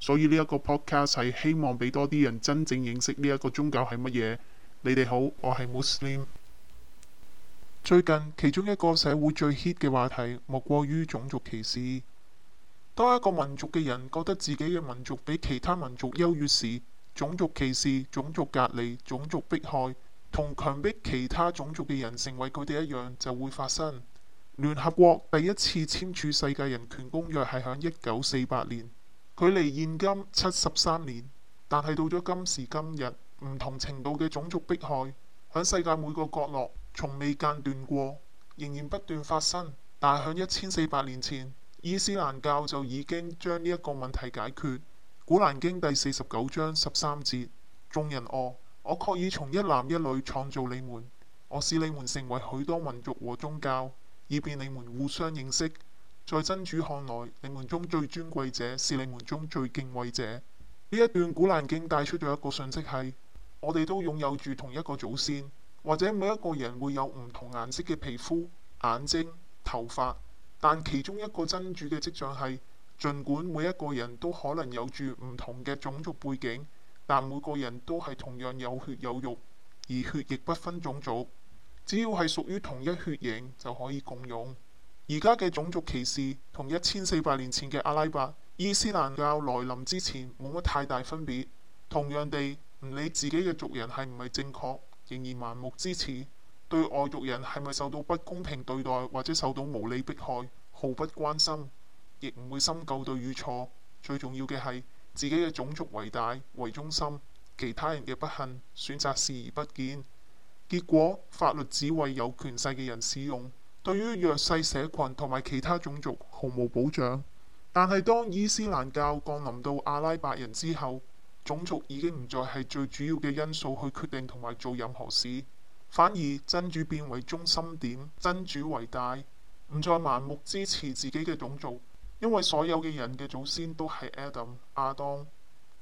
所以呢一個 podcast 係希望俾多啲人真正認識呢一個宗教係乜嘢？你哋好，我係 Muslim。最近其中一個社會最 hit 嘅話題莫過於種族歧視。當一個民族嘅人覺得自己嘅民族比其他民族優越時，種族歧視、種族隔離、種族迫害同強迫其他種族嘅人成為佢哋一樣就會發生。聯合國第一次簽署《世界人權公約》係響一九四八年。距離現今七十三年，但係到咗今時今日，唔同程度嘅種族迫害喺世界每個角落從未間斷過，仍然不斷發生。但係喺一千四百年前，伊斯蘭教就已經將呢一個問題解決。古蘭經第四十九章十三節：眾人哦，我確已從一男一女創造你們，我使你們成為許多民族和宗教，以便你們互相認識。在真主看來，你們中最尊貴者是你們中最敬畏者。呢一段古蘭經帶出咗一個信息係：我哋都擁有住同一個祖先，或者每一個人會有唔同顏色嘅皮膚、眼睛、頭髮，但其中一個真主嘅跡象係，儘管每一個人都可能有住唔同嘅種族背景，但每個人都係同樣有血有肉，而血亦不分種族，只要係屬於同一血型就可以共用。而家嘅種族歧視，同一千四百年前嘅阿拉伯、伊斯蘭教來臨之前冇乜太大分別。同樣地，唔理自己嘅族人係唔係正確，仍然盲目支持；對外族人係咪受到不公平對待或者受到無理迫害，毫不關心，亦唔會深究對與錯。最重要嘅係自己嘅種族為大為中心，其他人嘅不幸選擇視而不見。結果，法律只為有權勢嘅人使用。對於弱勢社群同埋其他種族毫無保障。但係當伊斯蘭教降臨到阿拉伯人之後，種族已經唔再係最主要嘅因素去決定同埋做任何事，反而真主變為中心點，真主為大，唔再盲目支持自己嘅種族，因為所有嘅人嘅祖先都係 Adam 阿當。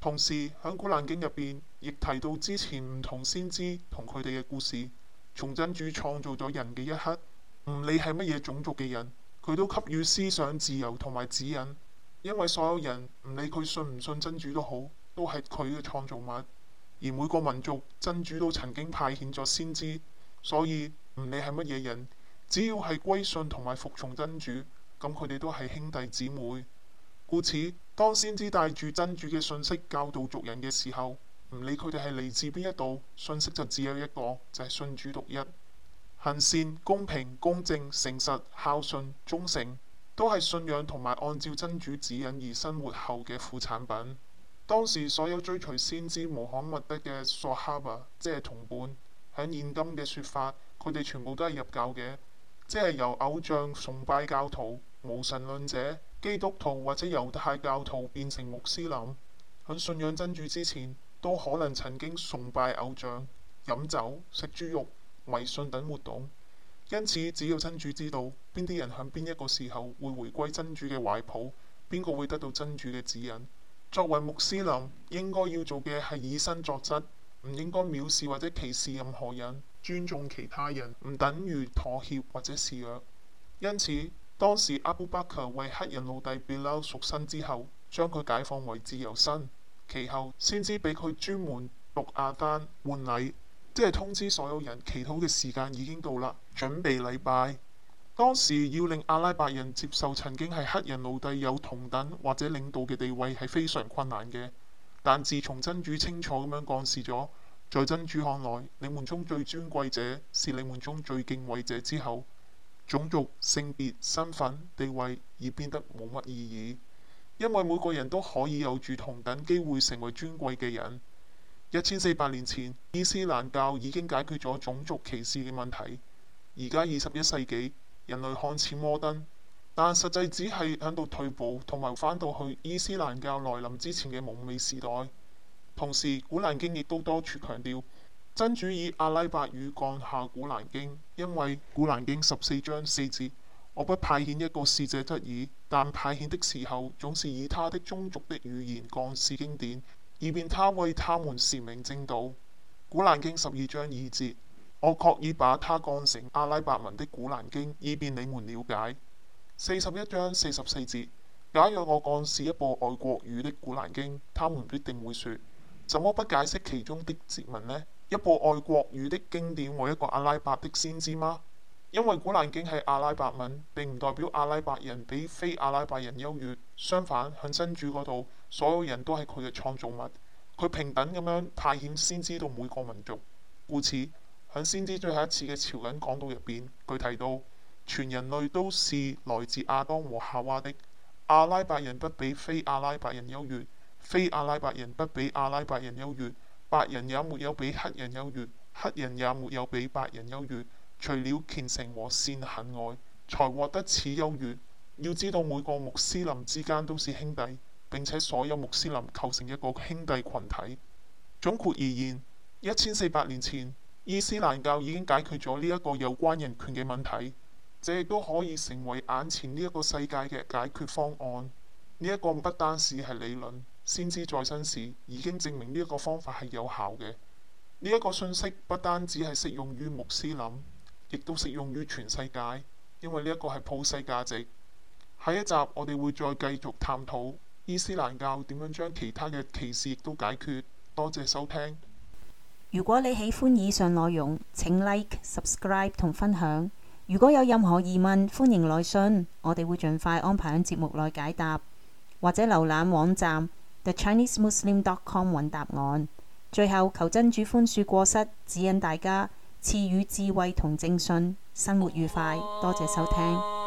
同時響古蘭經入邊亦提到之前唔同先知同佢哋嘅故事，從真主創造咗人嘅一刻。唔理係乜嘢種族嘅人，佢都給予思想自由同埋指引，因為所有人唔理佢信唔信真主都好，都係佢嘅創造物。而每個民族真主都曾經派遣咗先知，所以唔理係乜嘢人，只要係歸信同埋服從真主，咁佢哋都係兄弟姊妹。故此，當先知帶住真主嘅信息教導族人嘅時候，唔理佢哋係嚟自邊一度，信息就只有一個，就係信主獨一。仁善、公平、公正、誠實、孝順、忠誠，都係信仰同埋按照真主指引而生活後嘅副產品。當時所有追隨先知穆罕默德嘅索哈伯，即係同伴，喺現今嘅說法，佢哋全部都係入教嘅，即係由偶像崇拜教徒、無神論者、基督徒或者猶太教徒變成穆斯林。喺信仰真主之前，都可能曾經崇拜偶像、飲酒、食豬肉、迷信等活動，因此只要真主知道邊啲人響邊一個時候會回歸真主嘅懷抱，邊個會得到真主嘅指引。作為穆斯林，應該要做嘅係以身作則，唔應該藐視或者歧視任何人，尊重其他人，唔等於妥協或者示弱。因此，當時阿布巴克為黑人奴隸比拉贖身之後，將佢解放為自由身，其後先知俾佢專門讀亞丹換禮。即係通知所有人，祈禱嘅時間已經到啦，準備禮拜。當時要令阿拉伯人接受曾經係黑人奴隸有同等或者領導嘅地位係非常困難嘅。但自從真主清楚咁樣講示咗，在真主看來，你們中最尊貴者是你們中最敬畏者之後，種族、性別、身份、地位已變得冇乜意義，因為每個人都可以有住同等機會成為尊貴嘅人。一千四百年前，伊斯蘭教已經解決咗種族歧視嘅問題。而家二十一世紀，人類看似摩登，但實際只係喺度退步，同埋翻到去伊斯蘭教來臨之前嘅蒙昧時代。同時，古蘭經亦都多處強調，真主以阿拉伯語降下古蘭經，因為古蘭經十四章四節，我不派遣一個使者則已，但派遣的時候，總是以他的宗族的語言降示經典。以便他為他們闡明正道，《古蘭經》十二章二節，我確已把它降成阿拉伯文的《古蘭經》，以便你們了解。四十一章四十四節，假若我降示一部外國語的《古蘭經》，他們必定會説：怎麼不解釋其中的節文呢？一部外國語的經典和一個阿拉伯的先知嗎？因為《古蘭經》係阿拉伯文，並唔代表阿拉伯人比非阿拉伯人優越。相反，響真主嗰度，所有人都係佢嘅創造物，佢平等咁樣派遣先知到每個民族。故此，響先知最後一次嘅朝緊講到入邊，佢提到全人類都是來自亞當和夏娃的阿拉伯人，不比非阿拉伯人優越；非阿拉伯人不比阿拉伯人優越；白人也沒有比黑人優越，黑人也沒有比白人優越。除了虔誠和善行外，才獲得此優越。要知道，每個穆斯林之間都是兄弟，並且所有穆斯林構成一個兄弟群體。總括而言，一千四百年前，伊斯蘭教已經解決咗呢一個有關人權嘅問題，這亦都可以成為眼前呢一個世界嘅解決方案。呢一個不單是係理論，先知在生時已經證明呢一個方法係有效嘅。呢一個信息不單只係適用於穆斯林。亦都適用於全世界，因為呢一個係普世價值。下一集我哋會再繼續探討伊斯蘭教點樣將其他嘅歧視亦都解決。多謝收聽。如果你喜歡以上內容，請 like、subscribe 同分享。如果有任何疑問，歡迎來信，我哋會盡快安排喺節目內解答，或者瀏覽網站 thechinesemuslim.com 揾答案。最後求真主寬恕過失，指引大家。賜予智慧同正信，生活愉快。多謝收聽。